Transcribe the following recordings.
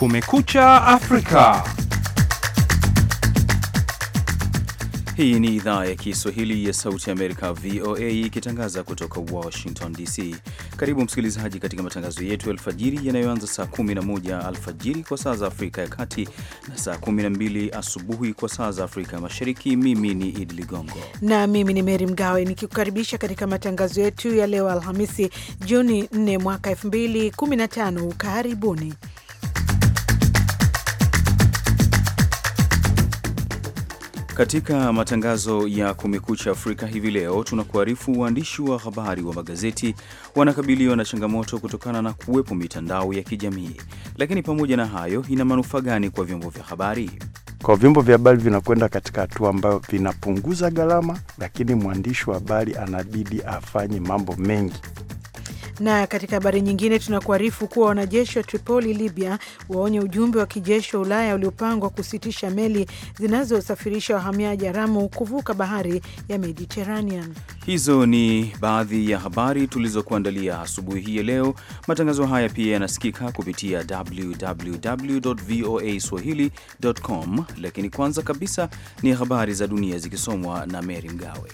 Kumekucha Afrika. Hii ni idhaa ya Kiswahili ya Sauti ya Amerika, VOA, ikitangaza kutoka Washington DC. Karibu msikilizaji, katika matangazo yetu ya alfajiri yanayoanza saa 11 alfajiri kwa saa za Afrika ya Kati na saa 12 asubuhi kwa saa za Afrika ya Mashariki. Mimi ni Idi Ligongo na mimi ni Meri Mgawe nikikukaribisha katika matangazo yetu ya leo Alhamisi, Juni 4 mwaka 2015. Karibuni. Katika matangazo ya Kumekucha Afrika hivi leo, tunakuarifu waandishi wa habari wa magazeti wanakabiliwa na changamoto kutokana na kuwepo mitandao ya kijamii. Lakini pamoja na hayo, ina manufaa gani kwa vyombo vya habari? Kwa vyombo vya habari vinakwenda katika hatua ambayo vinapunguza gharama, lakini mwandishi wa habari anabidi afanye mambo mengi na katika habari nyingine tunakuarifu kuwa wanajeshi wa Tripoli, Libya, waonye ujumbe wa kijeshi wa Ulaya uliopangwa kusitisha meli zinazosafirisha wahamiaji haramu kuvuka bahari ya Mediterranean. Hizo ni baadhi ya habari tulizokuandalia asubuhi hii ya leo. Matangazo haya pia yanasikika kupitia www voa swahili.com, lakini kwanza kabisa ni habari za dunia zikisomwa na Meri Mgawe.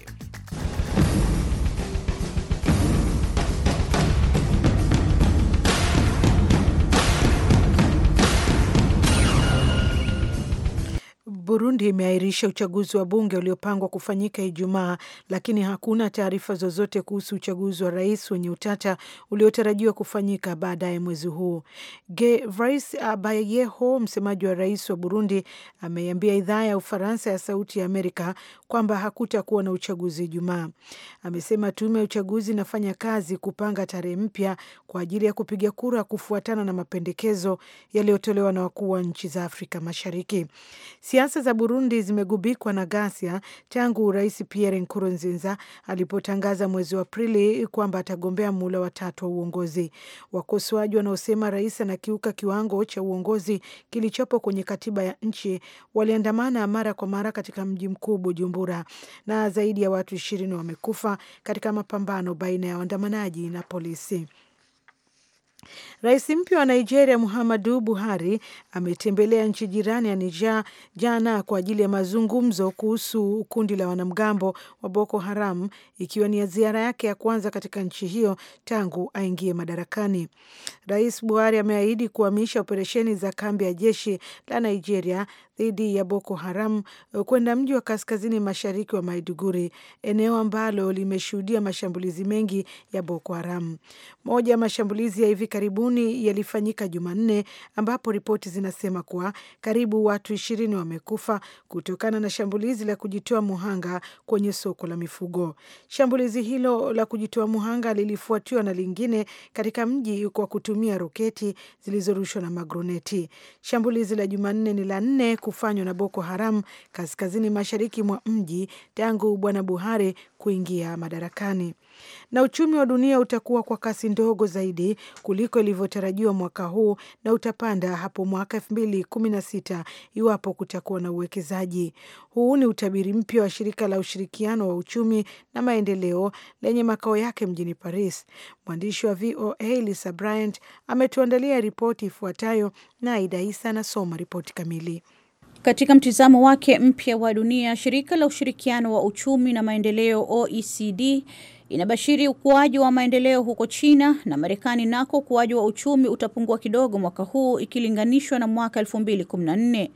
Burundi imeahirisha uchaguzi wa bunge uliopangwa kufanyika Ijumaa, lakini hakuna taarifa zozote kuhusu uchaguzi wa rais wenye utata uliotarajiwa kufanyika baadaye mwezi huu. Gervais Abayeho, msemaji wa rais wa Burundi, ameiambia idhaa ya Ufaransa ya Sauti ya Amerika kwamba hakutakuwa na uchaguzi Ijumaa. Amesema tume ya uchaguzi inafanya kazi kupanga tarehe mpya kwa ajili ya kupiga kura kufuatana na mapendekezo yaliyotolewa na wakuu wa nchi za Afrika Mashariki. Siasa za Burundi zimegubikwa na ghasia tangu Rais Pierre Nkurunziza alipotangaza mwezi wa Aprili kwamba atagombea muhula wa tatu wa uongozi. Wakosoaji wanaosema rais anakiuka kiwango cha uongozi kilichopo kwenye katiba ya nchi waliandamana mara kwa mara katika mji mkuu Bujumbura, na zaidi ya watu ishirini wamekufa katika mapambano baina ya waandamanaji na polisi. Rais mpya wa Nigeria Muhammadu Buhari ametembelea nchi jirani ya Niger jana kwa ajili ya mazungumzo kuhusu kundi la wanamgambo wa Boko Haram, ikiwa ni ya ziara yake ya kwanza katika nchi hiyo tangu aingie madarakani. Rais Buhari ameahidi kuhamisha operesheni za kambi ya jeshi la Nigeria dhidi ya Boko Haram uh, kwenda mji wa kaskazini mashariki wa Maiduguri, eneo ambalo limeshuhudia mashambulizi mengi ya Boko Haram. Moja ya mashambulizi ya hivi karibuni yalifanyika Jumanne, ambapo ripoti zinasema kuwa karibu watu ishirini wamekufa kutokana na shambulizi la kujitoa muhanga kwenye soko la mifugo. Shambulizi hilo la kujitoa muhanga lilifuatiwa na lingine katika mji kwa kutumia roketi zilizorushwa na magroneti. Shambulizi la Jumanne ni la nne kufanywa na Boko Haram kaskazini mashariki mwa mji tangu Bwana Buhari kuingia madarakani na uchumi wa dunia utakuwa kwa kasi ndogo zaidi kuliko ilivyotarajiwa mwaka huu na utapanda hapo mwaka elfu mbili kumi na sita iwapo kutakuwa na uwekezaji. Huu ni utabiri mpya wa shirika la ushirikiano wa uchumi na maendeleo lenye makao yake mjini Paris. Mwandishi wa VOA Lisa Bryant ametuandalia ripoti ifuatayo na Aida Isa anasoma ripoti kamili. Katika mtizamo wake mpya wa dunia, shirika la ushirikiano wa uchumi na maendeleo OECD inabashiri ukuaji wa maendeleo huko China na Marekani nako ukuaji wa uchumi utapungua kidogo mwaka huu ikilinganishwa na mwaka 2014.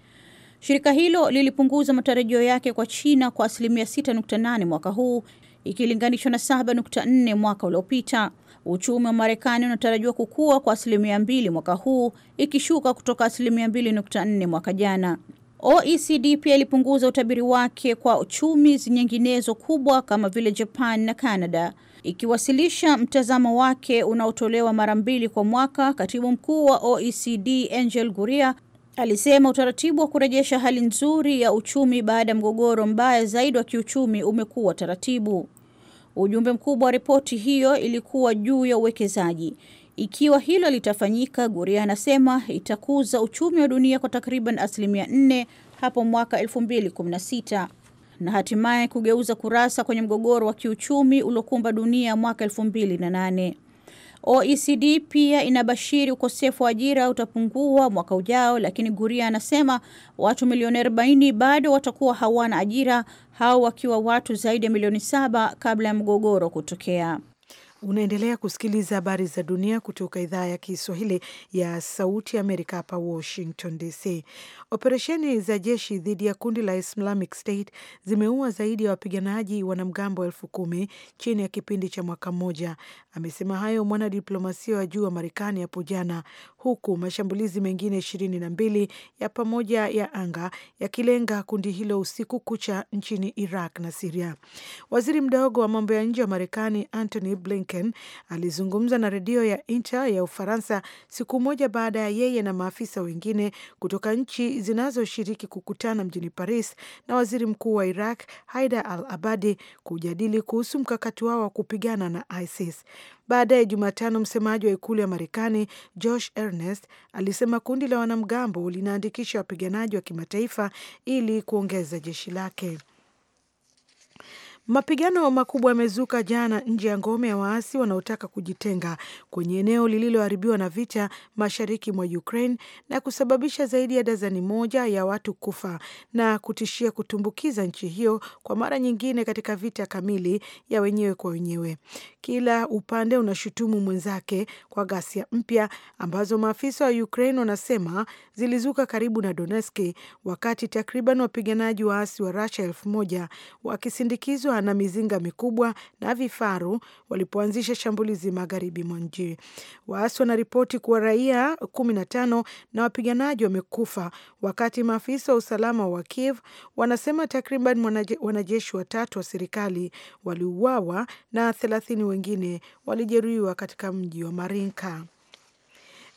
Shirika hilo lilipunguza matarajio yake kwa China kwa asilimia 6.8 mwaka huu ikilinganishwa na 7.4 mwaka uliopita. Uchumi wa Marekani unatarajiwa kukua kwa asilimia 2 mwaka huu ikishuka kutoka asilimia 24 mwaka jana. OECD pia ilipunguza utabiri wake kwa uchumi nyinginezo kubwa kama vile Japan na Canada, ikiwasilisha mtazamo wake unaotolewa mara mbili kwa mwaka. Katibu mkuu wa OECD Angel Guria alisema utaratibu wa kurejesha hali nzuri ya uchumi baada ya mgogoro mbaya zaidi wa kiuchumi umekuwa taratibu. Ujumbe mkubwa wa ripoti hiyo ilikuwa juu ya uwekezaji, ikiwa hilo litafanyika, Guria anasema itakuza uchumi wa dunia kwa takriban asilimia nne hapo mwaka 2016 na hatimaye kugeuza kurasa kwenye mgogoro wa kiuchumi uliokumba dunia mwaka 2008. OECD pia inabashiri ukosefu wa ajira utapungua mwaka ujao, lakini Guria anasema watu milioni 40 bado watakuwa hawana ajira, hao wakiwa watu zaidi ya milioni saba kabla ya mgogoro kutokea. Unaendelea kusikiliza habari za dunia kutoka idhaa ya Kiswahili ya Sauti Amerika, hapa Washington DC. Operesheni za jeshi dhidi ya kundi la Islamic State zimeua zaidi ya wapiganaji wanamgambo elfu kumi chini ya kipindi cha mwaka mmoja. Amesema hayo mwanadiplomasia wa juu wa Marekani hapo jana, huku mashambulizi mengine ishirini na mbili ya pamoja ya anga yakilenga kundi hilo usiku kucha nchini Iraq na Siria. Waziri mdogo wa mambo ya nje wa Marekani Antony Blinken Blinken alizungumza na redio ya Inter ya Ufaransa siku moja baada ya yeye na maafisa wengine kutoka nchi zinazoshiriki kukutana mjini Paris na waziri mkuu wa Iraq haida al-Abadi kujadili kuhusu mkakati wao wa kupigana na ISIS. Baadaye Jumatano, msemaji wa ikulu ya Marekani Josh ernest alisema kundi la wanamgambo linaandikisha wapiganaji wa kimataifa ili kuongeza jeshi lake. Mapigano makubwa yamezuka jana nje ya ngome ya waasi wanaotaka kujitenga kwenye eneo lililoharibiwa na vita mashariki mwa Ukraine na kusababisha zaidi ya dazani moja ya watu kufa na kutishia kutumbukiza nchi hiyo kwa mara nyingine katika vita kamili ya wenyewe kwa wenyewe. Kila upande unashutumu mwenzake kwa ghasia mpya ambazo maafisa wa Ukraine wanasema zilizuka karibu na Donetsk, wakati takriban wapiganaji waasi wa Russia elfu moja wakisindikizwa na mizinga mikubwa na vifaru walipoanzisha shambulizi magharibi mwa mji. Waasi wanaripoti kuwa raia 15 na wapiganaji wamekufa, wakati maafisa wa usalama wa Kiev wanasema takriban wanajeshi watatu wa serikali waliuawa na 30 wengine walijeruhiwa katika mji wa Marinka.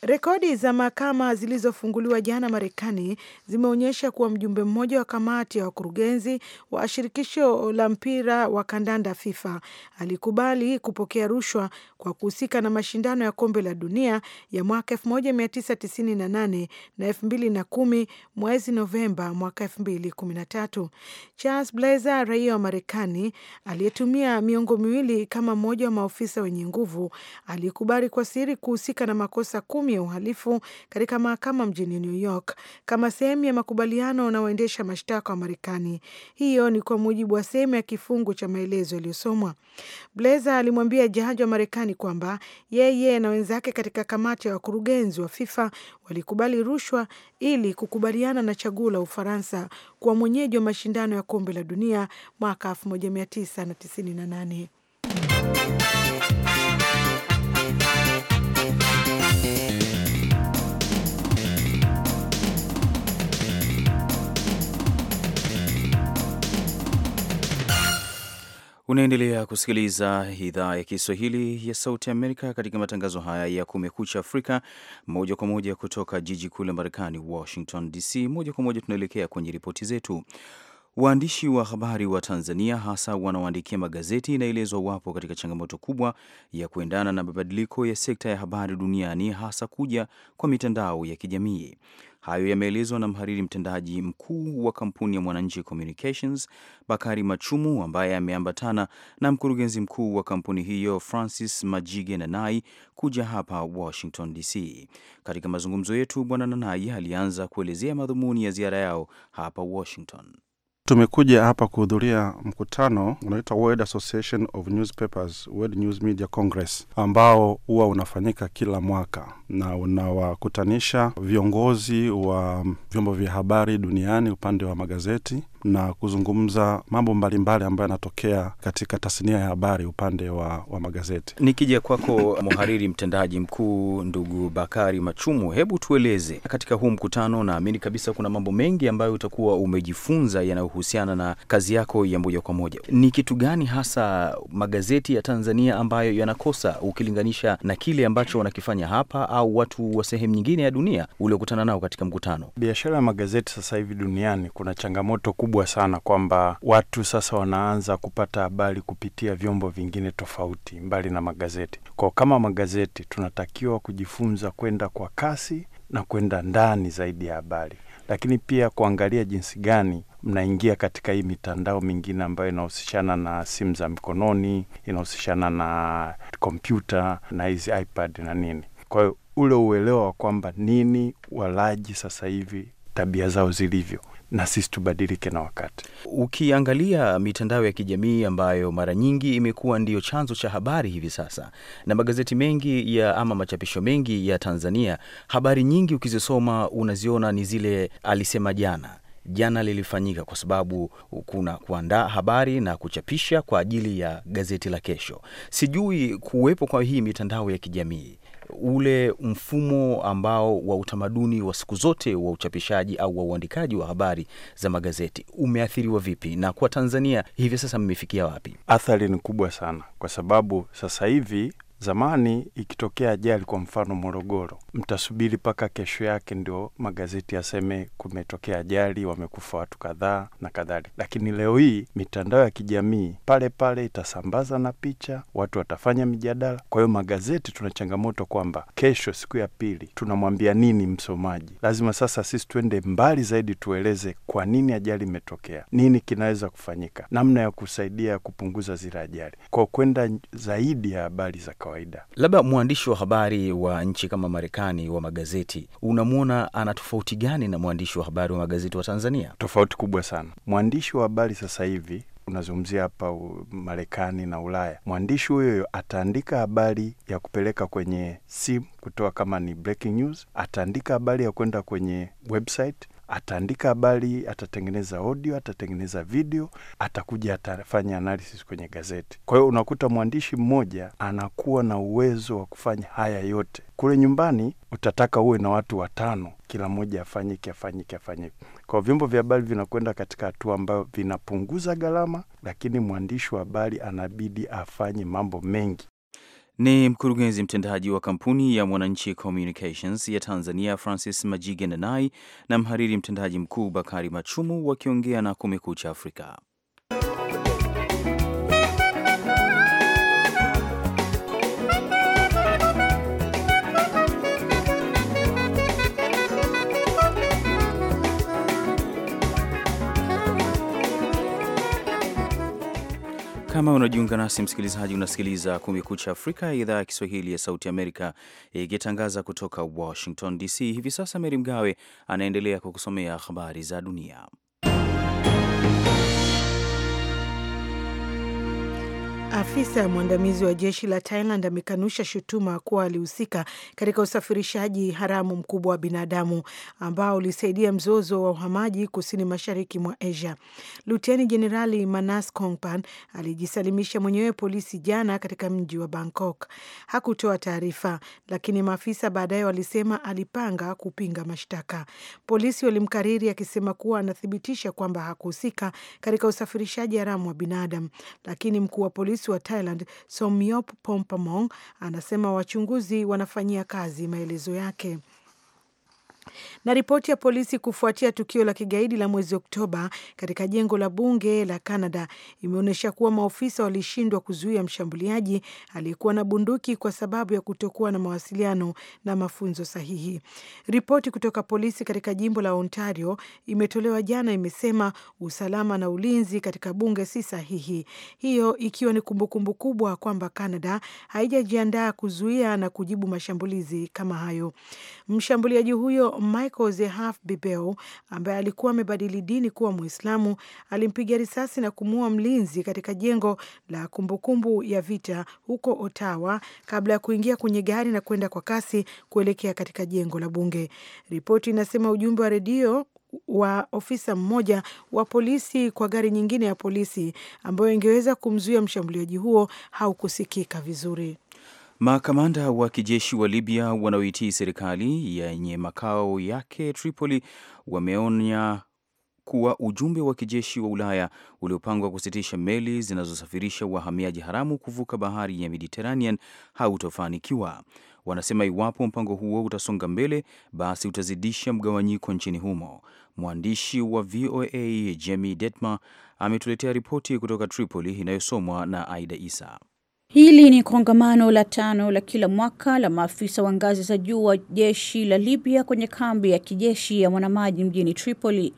Rekodi za mahakama zilizofunguliwa jana Marekani zimeonyesha kuwa mjumbe mmoja wa kamati ya wakurugenzi wa shirikisho la mpira wa kandanda FIFA alikubali kupokea rushwa kwa kuhusika na mashindano ya kombe la dunia ya mwaka 1998 na 2010 mwezi Novemba mwaka 2013. Charles Blazer, raia wa Marekani aliyetumia miongo miwili kama mmoja wa maofisa wenye nguvu, alikubali kwa siri kuhusika na makosa kumi ya uhalifu katika mahakama mjini New York kama sehemu ya makubaliano na waendesha mashtaka wa Marekani. Hiyo ni kwa mujibu wa sehemu ya kifungu cha maelezo yaliyosomwa. Blazer alimwambia jaji wa Marekani kwamba yeye na wenzake katika kamati ya wakurugenzi wa FIFA walikubali rushwa ili kukubaliana na chaguo la Ufaransa kuwa mwenyeji wa mashindano ya kombe la dunia mwaka 1998. Unaendelea kusikiliza idhaa ya Kiswahili ya Sauti Amerika katika matangazo haya ya Kumekucha Afrika, moja kwa moja kutoka jiji kuu la Marekani, Washington DC. Moja kwa moja tunaelekea kwenye ripoti zetu. Waandishi wa habari wa Tanzania, hasa wanaoandikia magazeti, inaelezwa wapo katika changamoto kubwa ya kuendana na mabadiliko ya sekta ya habari duniani, hasa kuja kwa mitandao ya kijamii. Hayo yameelezwa na mhariri mtendaji mkuu wa kampuni ya Mwananchi Communications Bakari Machumu, ambaye ameambatana na mkurugenzi mkuu wa kampuni hiyo Francis Majige Nanai kuja hapa Washington DC. Katika mazungumzo yetu, Bwana Nanai alianza kuelezea madhumuni ya ziara yao hapa Washington. Tumekuja hapa kuhudhuria mkutano unaoitwa World Association of Newspapers, World News Media Congress ambao huwa unafanyika kila mwaka na unawakutanisha viongozi wa vyombo vya habari duniani upande wa magazeti na kuzungumza mambo mbalimbali ambayo yanatokea katika tasnia ya habari upande wa, wa magazeti. Nikija kwako mhariri mtendaji mkuu ndugu Bakari Machumu, hebu tueleze katika huu mkutano, naamini kabisa kuna mambo mengi ambayo utakuwa umejifunza yanayohusiana na kazi yako ya moja kwa moja. Ni kitu gani hasa magazeti ya Tanzania ambayo yanakosa ukilinganisha na kile ambacho wanakifanya hapa au watu wa sehemu nyingine ya dunia uliokutana nao katika mkutano? Biashara ya magazeti sasa hivi duniani kuna changamoto kubwa sana, kwamba watu sasa wanaanza kupata habari kupitia vyombo vingine tofauti mbali na magazeti. kwao kama magazeti tunatakiwa kujifunza kwenda kwa kasi na kwenda ndani zaidi ya habari, lakini pia kuangalia jinsi gani mnaingia katika hii mitandao mingine ambayo inahusishana na simu za mikononi, inahusishana na kompyuta na hizi iPad na nini. Kwa hiyo ule uelewa wa kwamba nini walaji sasa hivi tabia zao zilivyo na sisi tubadilike na wakati. Ukiangalia mitandao ya kijamii ambayo mara nyingi imekuwa ndiyo chanzo cha habari hivi sasa, na magazeti mengi ya ama machapisho mengi ya Tanzania, habari nyingi ukizisoma unaziona ni zile alisema jana jana lilifanyika, kwa sababu kuna kuandaa habari na kuchapisha kwa ajili ya gazeti la kesho. Sijui kuwepo kwa hii mitandao ya kijamii ule mfumo ambao wa utamaduni wa siku zote wa uchapishaji au wa uandikaji wa habari za magazeti umeathiriwa vipi, na kwa Tanzania hivi sasa mmefikia wapi? Athari ni kubwa sana, kwa sababu sasa hivi Zamani ikitokea ajali kwa mfano Morogoro, mtasubiri mpaka kesho yake ndio magazeti yaseme kumetokea ajali, wamekufa watu kadhaa na kadhalika. Lakini leo hii mitandao ya kijamii pale pale itasambaza na picha, watu watafanya mijadala. Kwa hiyo magazeti tuna changamoto kwamba kesho, siku ya pili, tunamwambia nini msomaji? Lazima sasa sisi tuende mbali zaidi, tueleze kwa nini ajali imetokea, nini kinaweza kufanyika, namna ya kusaidia kupunguza zile ajali, kwa kwenda zaidi ya habari za kawa kawaida. Labda mwandishi wa habari wa nchi kama Marekani wa magazeti, unamwona ana tofauti gani na mwandishi wa habari wa magazeti wa Tanzania? Tofauti kubwa sana. Mwandishi wa habari sasa hivi unazungumzia hapa Marekani na Ulaya, mwandishi huyoyo ataandika habari ya kupeleka kwenye simu kutoa kama ni breaking news, ataandika habari ya kwenda kwenye website ataandika habari, atatengeneza audio, atatengeneza video, atakuja atafanya analysis kwenye gazeti. Kwa hiyo unakuta mwandishi mmoja anakuwa na uwezo wa kufanya haya yote. Kule nyumbani utataka uwe na watu watano, kila mmoja afanyike afanyike afanyike. Kwa vyombo vya habari vinakwenda katika hatua ambayo vinapunguza gharama, lakini mwandishi wa habari anabidi afanye mambo mengi ni mkurugenzi mtendaji wa kampuni ya Mwananchi Communications ya Tanzania, Francis Majige Nanai, na mhariri mtendaji mkuu Bakari Machumu wakiongea na Kumekucha Afrika. Kama unajiunga nasi msikilizaji, unasikiliza Kumekucha Afrika ya idhaa ya Kiswahili ya Sauti Amerika ikitangaza kutoka Washington DC. Hivi sasa Meri Mgawe anaendelea kukusomea habari za dunia. Afisa mwandamizi wa jeshi la Thailand amekanusha shutuma kuwa alihusika katika usafirishaji haramu mkubwa wa binadamu ambao ulisaidia mzozo wa uhamaji kusini mashariki mwa Asia. Luteni Jenerali Manas Kongpan alijisalimisha mwenyewe polisi jana katika mji wa Bangkok. Hakutoa taarifa, lakini maafisa baadaye walisema alipanga kupinga mashtaka. Polisi walimkariri akisema kuwa anathibitisha kwamba hakuhusika katika usafirishaji haramu wa binadamu, lakini mkuu wa polisi Rais wa Thailand Somyop Pompamong anasema wachunguzi wanafanyia kazi maelezo yake. Na ripoti ya polisi kufuatia tukio la kigaidi la mwezi Oktoba katika jengo la bunge la Canada imeonyesha kuwa maofisa walishindwa kuzuia mshambuliaji aliyekuwa na bunduki kwa sababu ya kutokuwa na mawasiliano na mafunzo sahihi. Ripoti kutoka polisi katika jimbo la Ontario imetolewa jana, imesema usalama na ulinzi katika bunge si sahihi, hiyo ikiwa ni kumbukumbu kubwa kwamba Canada haijajiandaa kuzuia na kujibu mashambulizi kama hayo. Mshambuliaji huyo Michael Zehaf bibeu ambaye alikuwa amebadili dini kuwa Mwislamu alimpiga risasi na kumuua mlinzi katika jengo la kumbukumbu ya vita huko Ottawa kabla ya kuingia kwenye gari na kwenda kwa kasi kuelekea katika jengo la bunge. Ripoti inasema ujumbe wa redio wa ofisa mmoja wa polisi kwa gari nyingine ya polisi ambayo ingeweza kumzuia mshambuliaji huo haukusikika vizuri. Makamanda wa kijeshi wa Libya wanaoitii serikali yenye makao yake Tripoli wameonya kuwa ujumbe wa kijeshi wa Ulaya uliopangwa kusitisha meli zinazosafirisha wahamiaji haramu kuvuka bahari ya Mediterranean hautofanikiwa. Wanasema iwapo mpango huo utasonga mbele, basi utazidisha mgawanyiko nchini humo. Mwandishi wa VOA Jamie detma ametuletea ripoti kutoka Tripoli inayosomwa na Aida Isa. Hili ni kongamano la tano la kila mwaka la maafisa wa ngazi za juu wa jeshi la Libya kwenye kambi ya kijeshi ya Mwanamaji mjini Tripoli.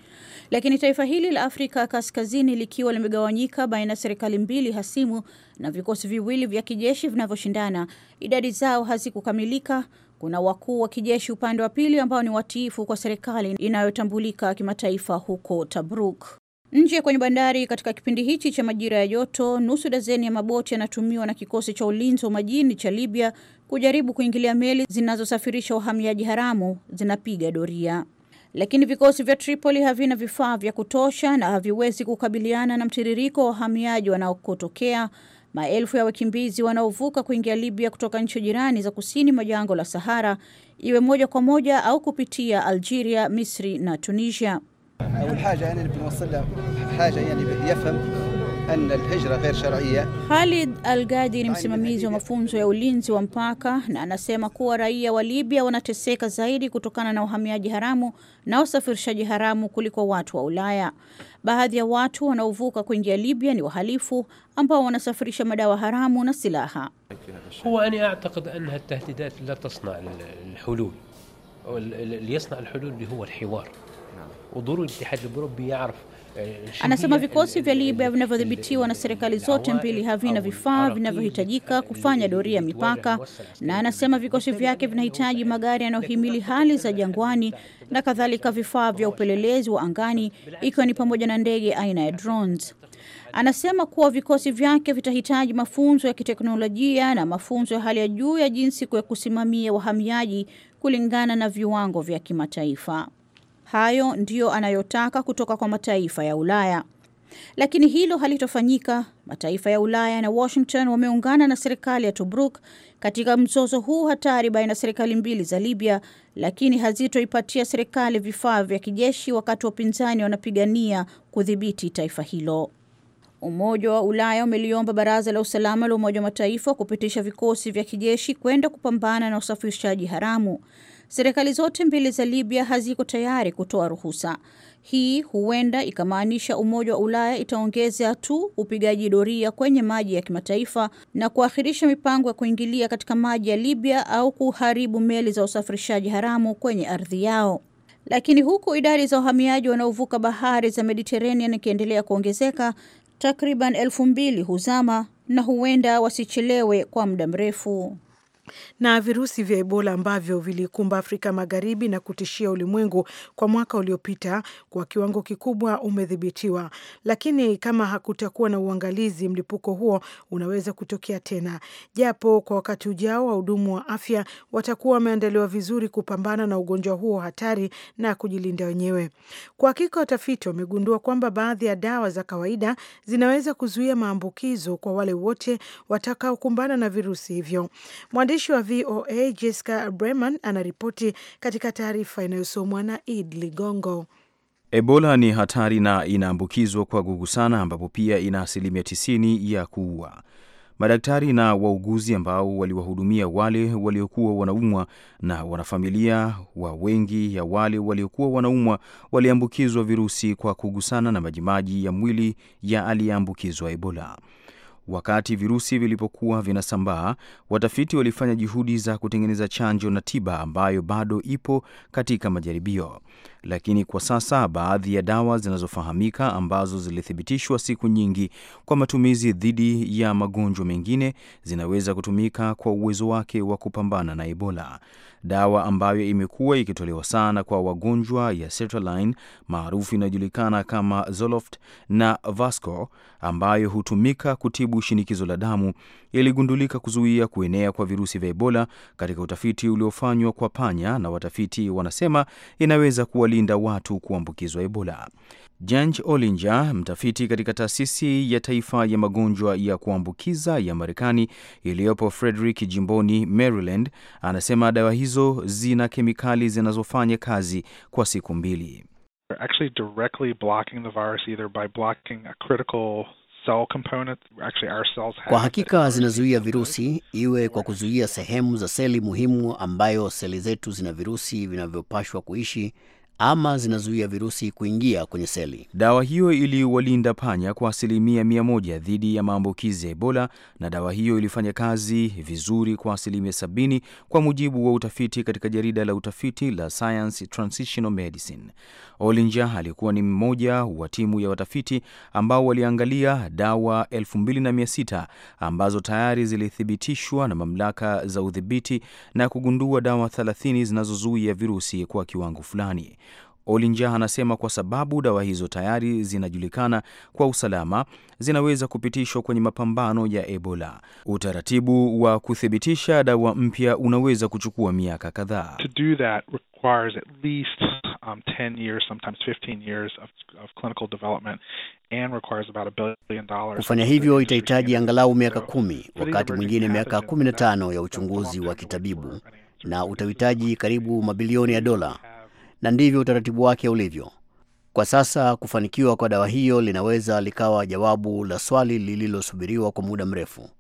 Lakini taifa hili la Afrika Kaskazini likiwa limegawanyika baina ya serikali mbili hasimu na vikosi viwili vya kijeshi vinavyoshindana, idadi zao hazikukamilika. Kuna wakuu wa kijeshi upande wa pili ambao ni watiifu kwa serikali inayotambulika kimataifa huko Tabruk. Nje kwenye bandari katika kipindi hichi cha majira ya joto, nusu dazeni ya maboti yanatumiwa na kikosi cha ulinzi wa majini cha Libya kujaribu kuingilia meli zinazosafirisha wahamiaji haramu, zinapiga doria. Lakini vikosi vya Tripoli havina vifaa vya kutosha na haviwezi kukabiliana na mtiririko wa wahamiaji wanaokotokea. Maelfu ya wakimbizi wanaovuka kuingia Libya kutoka nchi jirani za kusini mwa jangwa la Sahara, iwe moja kwa moja au kupitia Algeria, Misri na Tunisia. أول حاجة أنا اللي يعني بنوصل له حاجة يعني يفهم أن الهجرة غير شرعية خالد القادي نمسي يعني مميزي ومفونزو يولينزي ومباكا نانا سيما كوا رأي وليبيا ونتسيكا زايري كتوكانا نو هامياجي هرامو نو سفر شاجي هرامو كلكو واتو وولايا Baadhi ya watu wanaovuka kuingia Libya ni wahalifu ambao wanasafirisha madawa haramu na silaha. Huwa ani aatakad anna hatahdidat la tasna alhulul. Liyasna alhulul ni udhuru الاتحاد الاوروبي يعرف Anasema vikosi vya Libya vinavyodhibitiwa na serikali zote mbili havina vifaa vinavyohitajika kufanya doria mipaka, na anasema vikosi vyake vinahitaji magari yanayohimili hali za jangwani na kadhalika, vifaa vya upelelezi wa angani, ikiwa ni pamoja na ndege aina ya drones. Anasema kuwa vikosi vyake vitahitaji mafunzo ya kiteknolojia na mafunzo ya hali ya juu ya jinsi ya kusimamia wahamiaji kulingana na viwango vya kimataifa. Hayo ndiyo anayotaka kutoka kwa mataifa ya Ulaya, lakini hilo halitofanyika. Mataifa ya Ulaya na Washington wameungana na serikali ya Tobruk katika mzozo huu hatari baina ya serikali mbili za Libya, lakini hazitoipatia serikali vifaa vya kijeshi wakati wapinzani wanapigania kudhibiti taifa hilo. Umoja wa Ulaya umeliomba Baraza la Usalama la Umoja wa Mataifa kupitisha vikosi vya kijeshi kwenda kupambana na usafirishaji haramu serikali zote mbili za Libya haziko tayari kutoa ruhusa. Hii huenda ikamaanisha Umoja wa Ulaya itaongeza tu upigaji doria kwenye maji ya kimataifa na kuahirisha mipango ya kuingilia katika maji ya Libya au kuharibu meli za usafirishaji haramu kwenye ardhi yao. Lakini huku idadi za wahamiaji wanaovuka bahari za Mediterranean ikiendelea kuongezeka, takriban elfu mbili huzama na huenda wasichelewe kwa muda mrefu. Na virusi vya Ebola ambavyo vilikumba Afrika Magharibi na kutishia ulimwengu kwa mwaka uliopita kwa kiwango kikubwa umedhibitiwa, lakini kama hakutakuwa na uangalizi, mlipuko huo unaweza kutokea tena, japo kwa wakati ujao wahudumu wa afya watakuwa wameandaliwa vizuri kupambana na ugonjwa huo hatari na kujilinda wenyewe. Kwa hakika, watafiti wamegundua kwamba baadhi ya dawa za kawaida zinaweza kuzuia maambukizo kwa wale wote watakaokumbana na virusi hivyo. Mwandishi Mwandishi wa VOA Jessica Breman anaripoti katika taarifa inayosomwa na Id Ligongo. Ebola ni hatari na inaambukizwa kwa sana, ambapo pia ina asilimia 90 ya kuua. Madaktari na wauguzi ambao waliwahudumia wale waliokuwa wanaumwa na wanafamilia wa wengi ya wale waliokuwa wanaumwa waliambukizwa virusi kwa kugusana na majimaji ya mwili ya aliyeambukizwa Ebola. Wakati virusi vilipokuwa vinasambaa, watafiti walifanya juhudi za kutengeneza chanjo na tiba ambayo bado ipo katika majaribio lakini kwa sasa baadhi ya dawa zinazofahamika ambazo zilithibitishwa siku nyingi kwa matumizi dhidi ya magonjwa mengine zinaweza kutumika kwa uwezo wake wa kupambana na Ebola. Dawa ambayo imekuwa ikitolewa sana kwa wagonjwa ya sertraline maarufu inayojulikana kama Zoloft na Vasco, ambayo hutumika kutibu shinikizo la damu, iligundulika kuzuia kuenea kwa virusi vya Ebola katika utafiti uliofanywa kwa panya, na watafiti wanasema inaweza kuwa kulinda watu kuambukizwa Ebola. Janj Olinja, mtafiti katika taasisi ya taifa ya magonjwa ya kuambukiza ya Marekani iliyopo Frederick jimboni Maryland, anasema dawa hizo zina kemikali zinazofanya kazi kwa siku mbili. Kwa hakika zinazuia virusi, iwe kwa kuzuia sehemu za seli muhimu ambayo seli zetu zina virusi vinavyopashwa kuishi ama zinazuia virusi kuingia kwenye seli. Dawa hiyo iliwalinda panya kwa asilimia mia moja dhidi ya maambukizi ya Ebola, na dawa hiyo ilifanya kazi vizuri kwa asilimia sabini kwa mujibu wa utafiti katika jarida la utafiti la Science Transitional Medicine. Olinja alikuwa ni mmoja wa timu ya watafiti ambao waliangalia dawa 2600 ambazo tayari zilithibitishwa na mamlaka za udhibiti na kugundua dawa 30 zinazozuia virusi kwa kiwango fulani. Olinja anasema kwa sababu dawa hizo tayari zinajulikana kwa usalama, zinaweza kupitishwa kwenye mapambano ya Ebola. Utaratibu wa kuthibitisha dawa mpya unaweza kuchukua miaka kadhaa. Um, 10 years, sometimes 15 years of, of clinical development and requires about a billion dollars. Kufanya hivyo itahitaji angalau miaka kumi, wakati mwingine miaka kumi na tano ya uchunguzi wa kitabibu, na utahitaji karibu mabilioni ya dola na ndivyo utaratibu wake ulivyo. Kwa sasa kufanikiwa kwa dawa hiyo linaweza likawa jawabu la swali lililosubiriwa kwa muda mrefu.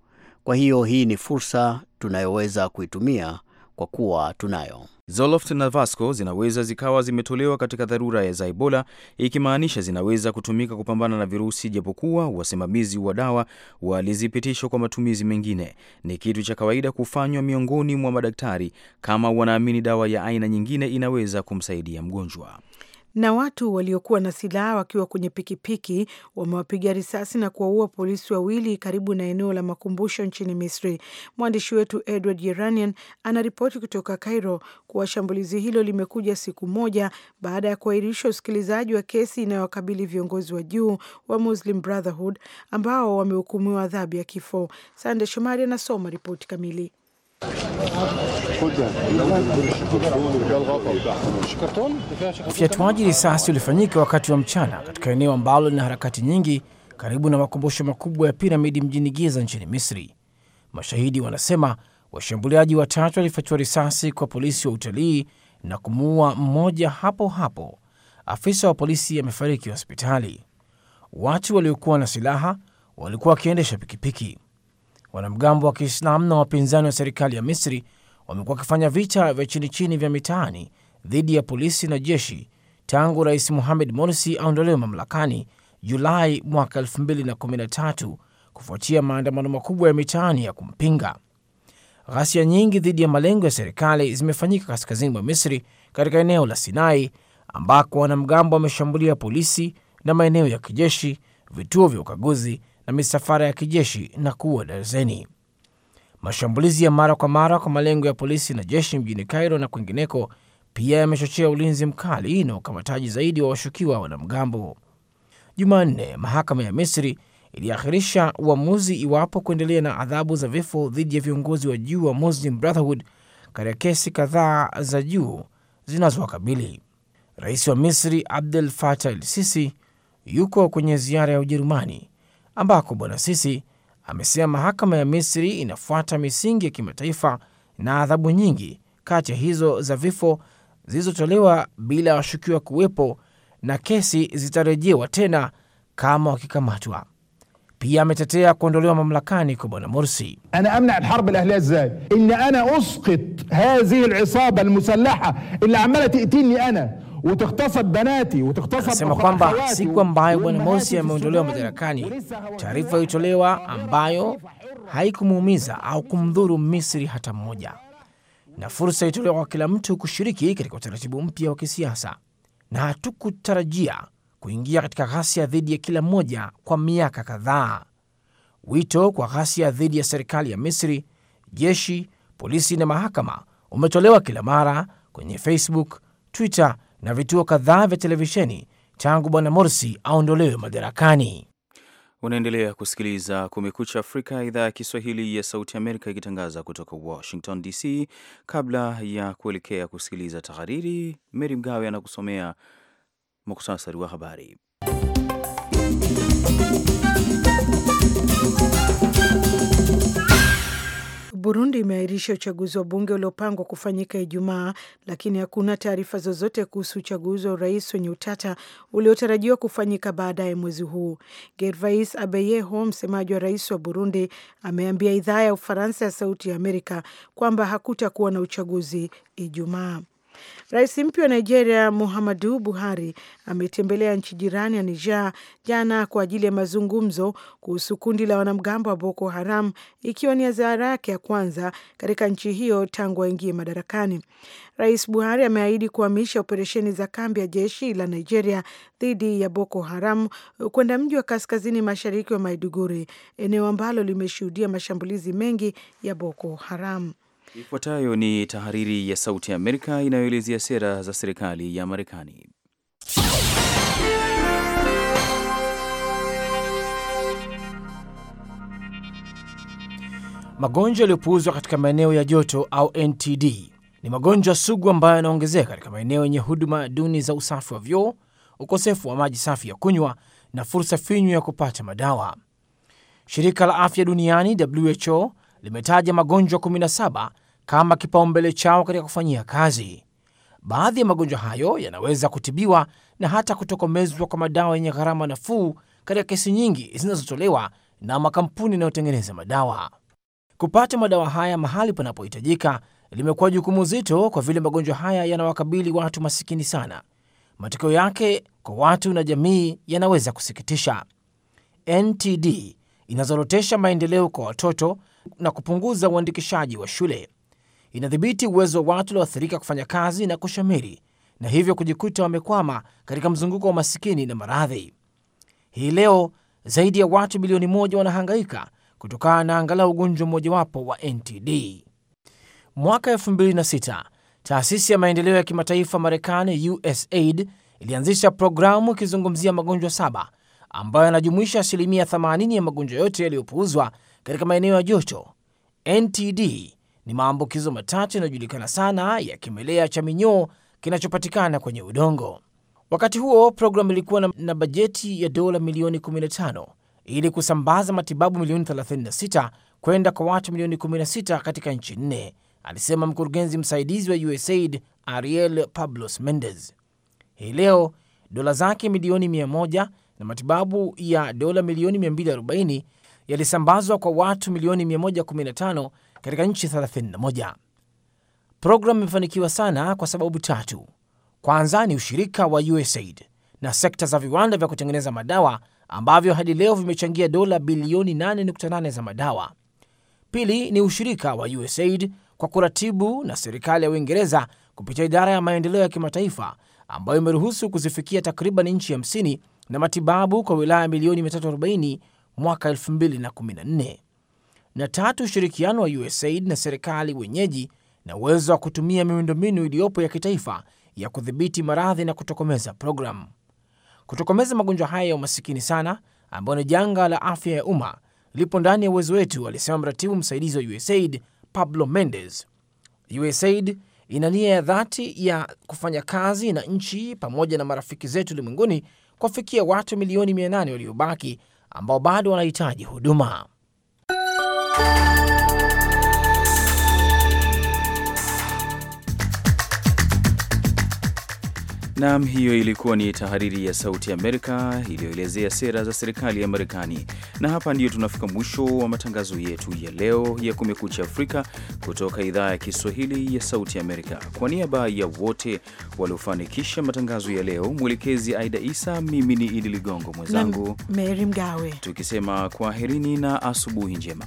Kwa hiyo hii ni fursa tunayoweza kuitumia kwa kuwa tunayo. Zoloft na Vasco zinaweza zikawa zimetolewa katika dharura za Ebola, ikimaanisha zinaweza kutumika kupambana na virusi, japokuwa wasimamizi wa dawa walizipitishwa kwa matumizi mengine. Ni kitu cha kawaida kufanywa miongoni mwa madaktari kama wanaamini dawa ya aina nyingine inaweza kumsaidia mgonjwa. Na watu waliokuwa na silaha wakiwa kwenye pikipiki wamewapiga risasi na kuwaua polisi wawili karibu na eneo la makumbusho nchini Misri. Mwandishi wetu Edward Yeranian anaripoti kutoka Cairo kuwa shambulizi hilo limekuja siku moja baada ya kuahirishwa usikilizaji wa kesi inayowakabili viongozi wa juu wa Muslim Brotherhood ambao wamehukumiwa adhabu ya kifo. Sande Shomari anasoma ripoti kamili. Ufyatuaji risasi ulifanyika wakati wa mchana katika eneo ambalo lina harakati nyingi karibu na makumbusho makubwa ya piramidi mjini Giza nchini Misri. Mashahidi wanasema washambuliaji watatu walifyatua risasi kwa polisi wa utalii na kumuua mmoja hapo hapo. Afisa wa polisi amefariki hospitali. Watu waliokuwa na silaha walikuwa wakiendesha pikipiki. Wanamgambo wa Kiislamu na wapinzani wa serikali ya Misri wamekuwa wakifanya vita vya chini chini vya mitaani dhidi ya polisi na jeshi tangu Rais Mohamed Morsi aondolewe mamlakani Julai mwaka 2013 kufuatia maandamano makubwa ya mitaani ya kumpinga. Ghasia nyingi dhidi ya malengo ya serikali zimefanyika kaskazini mwa Misri katika eneo la Sinai ambako wanamgambo wameshambulia polisi na maeneo ya kijeshi, vituo vya ukaguzi na misafara ya kijeshi na kuwa darzeni. Mashambulizi ya mara kwa mara kwa malengo ya polisi na jeshi mjini Cairo na kwingineko pia yamechochea ulinzi mkali na ukamataji zaidi wa washukiwa wanamgambo. Jumanne, mahakama ya Misri iliahirisha uamuzi iwapo kuendelea na adhabu za vifo dhidi ya viongozi wa juu wa Muslim Brotherhood katika kesi kadhaa za juu zinazowakabili. Rais wa Misri Abdel Fattah el Sisi yuko kwenye ziara ya Ujerumani ambako Bwana Sisi amesema mahakama ya Misri inafuata misingi ya kimataifa na adhabu nyingi kati ya hizo za vifo zilizotolewa bila washukiwa kuwepo na kesi zitarejewa tena kama wakikamatwa. Pia ametetea kuondolewa mamlakani kwa bwana Morsi. ana amna alharb lahlia zai in ana usqit hadhihi lisaba almusallaha illa amala titini ana وتغتصب banati وتغتصب anasema kwamba siku ambayo bwana Morsi ameondolewa madarakani, taarifa itolewa ambayo haikumuumiza au kumdhuru Misri hata mmoja, na fursa itolewa kwa kila mtu kushiriki katika utaratibu mpya wa kisiasa, na hatukutarajia kuingia katika ghasia dhidi ya kila mmoja kwa miaka kadhaa. Wito kwa ghasia dhidi ya serikali ya Misri, jeshi, polisi na mahakama umetolewa kila mara kwenye Facebook, Twitter na vituo kadhaa vya televisheni tangu bwana Morsi aondolewe madarakani. Unaendelea kusikiliza Kumekucha Afrika, idhaa ya Kiswahili ya Sauti Amerika, ikitangaza kutoka Washington DC. Kabla ya kuelekea kusikiliza tahariri, Meri Mgawe anakusomea muktasari wa habari. Burundi imeahirisha uchaguzi wa bunge uliopangwa kufanyika Ijumaa, lakini hakuna taarifa zozote kuhusu uchaguzi wa urais wenye utata uliotarajiwa kufanyika baadaye mwezi huu. Gervais Abeyeho, msemaji wa rais wa Burundi, ameambia idhaa ya Ufaransa ya Sauti ya Amerika kwamba hakutakuwa na uchaguzi Ijumaa. Rais mpya wa Nigeria Muhammadu Buhari ametembelea nchi jirani ya Niger jana kwa ajili ya mazungumzo kuhusu kundi la wanamgambo wa Boko Haram, ikiwa ni ziara yake ya kwanza katika nchi hiyo tangu aingie madarakani. Rais Buhari ameahidi kuhamisha operesheni za kambi ya jeshi la Nigeria dhidi ya Boko Haram kwenda mji wa kaskazini mashariki wa Maiduguri, eneo ambalo limeshuhudia mashambulizi mengi ya Boko Haram. Ifuatayo ni tahariri ya Sauti ya Amerika inayoelezea sera za serikali ya Marekani. Magonjwa yaliyopuuzwa katika maeneo ya joto au NTD ni magonjwa sugu ambayo yanaongezeka katika maeneo yenye huduma duni za usafi wa vyoo, ukosefu wa maji safi ya kunywa na fursa finyu ya kupata madawa. Shirika la Afya Duniani, WHO, limetaja magonjwa 17 kama kipaumbele chao katika kufanyia kazi. Baadhi ya magonjwa hayo yanaweza kutibiwa na hata kutokomezwa kwa madawa yenye gharama nafuu katika kesi nyingi zinazotolewa na makampuni yanayotengeneza madawa. Kupata madawa haya mahali panapohitajika limekuwa jukumu zito, kwa vile magonjwa haya yanawakabili watu masikini sana. Matokeo yake kwa watu na jamii yanaweza kusikitisha. NTD inazorotesha maendeleo kwa watoto na kupunguza uandikishaji wa shule inadhibiti uwezo wa watu walioathirika kufanya kazi na kushamiri, na hivyo kujikuta wamekwama katika mzunguko wa masikini na maradhi. Hii leo zaidi ya watu bilioni moja wanahangaika kutokana na angalau ugonjwa mmojawapo wa NTD. Mwaka 2006 taasisi ya maendeleo ya kimataifa Marekani, USAID, ilianzisha programu ikizungumzia magonjwa saba ambayo yanajumuisha asilimia 80 ya magonjwa yote yaliyopuuzwa katika maeneo ya joto. NTD ni maambukizo matatu yanayojulikana sana ya kimelea cha minyoo kinachopatikana kwenye udongo. Wakati huo programu ilikuwa na, na bajeti ya dola milioni 15 ili kusambaza matibabu milioni 36 kwenda kwa watu milioni 16 katika nchi nne, alisema mkurugenzi msaidizi wa USAID Ariel Pablos Mendez. Hii leo dola zake milioni 100 na matibabu ya dola milioni 240 yalisambazwa kwa watu milioni 115 katika nchi 31. Programu imefanikiwa sana kwa sababu tatu. Kwanza ni ushirika wa USAID na sekta za viwanda vya kutengeneza madawa ambavyo hadi leo vimechangia dola bilioni 8.8 za madawa. Pili ni ushirika wa USAID kwa kuratibu na serikali ya Uingereza kupitia idara ya maendeleo ya kimataifa ambayo imeruhusu kuzifikia takriban nchi 50 na matibabu kwa wilaya milioni 340 mwaka 2014 na tatu, ushirikiano wa USAID na serikali wenyeji na uwezo wa kutumia miundombinu iliyopo ya kitaifa ya kudhibiti maradhi na kutokomeza programu. Kutokomeza magonjwa haya ya umasikini sana ambayo ni janga la afya ya umma lipo ndani ya uwezo wetu, alisema mratibu msaidizi wa USAID Pablo Mendez. USAID ina nia ya dhati ya kufanya kazi na nchi pamoja na marafiki zetu ulimwenguni kuwafikia watu milioni 800 waliobaki ambao bado wanahitaji huduma. Thank you. Naam, hiyo ilikuwa ni tahariri ya Sauti Amerika iliyoelezea sera za serikali ya Marekani. Na hapa ndiyo tunafika mwisho wa matangazo yetu ya leo ya Kumekucha Afrika kutoka idhaa ya Kiswahili ya Sauti Amerika. Kwa niaba ya wote waliofanikisha matangazo ya leo, mwelekezi Aida Isa, mimi ni Idi Ligongo, mwenzangu Meri Mgawe, tukisema kwaherini na asubuhi njema.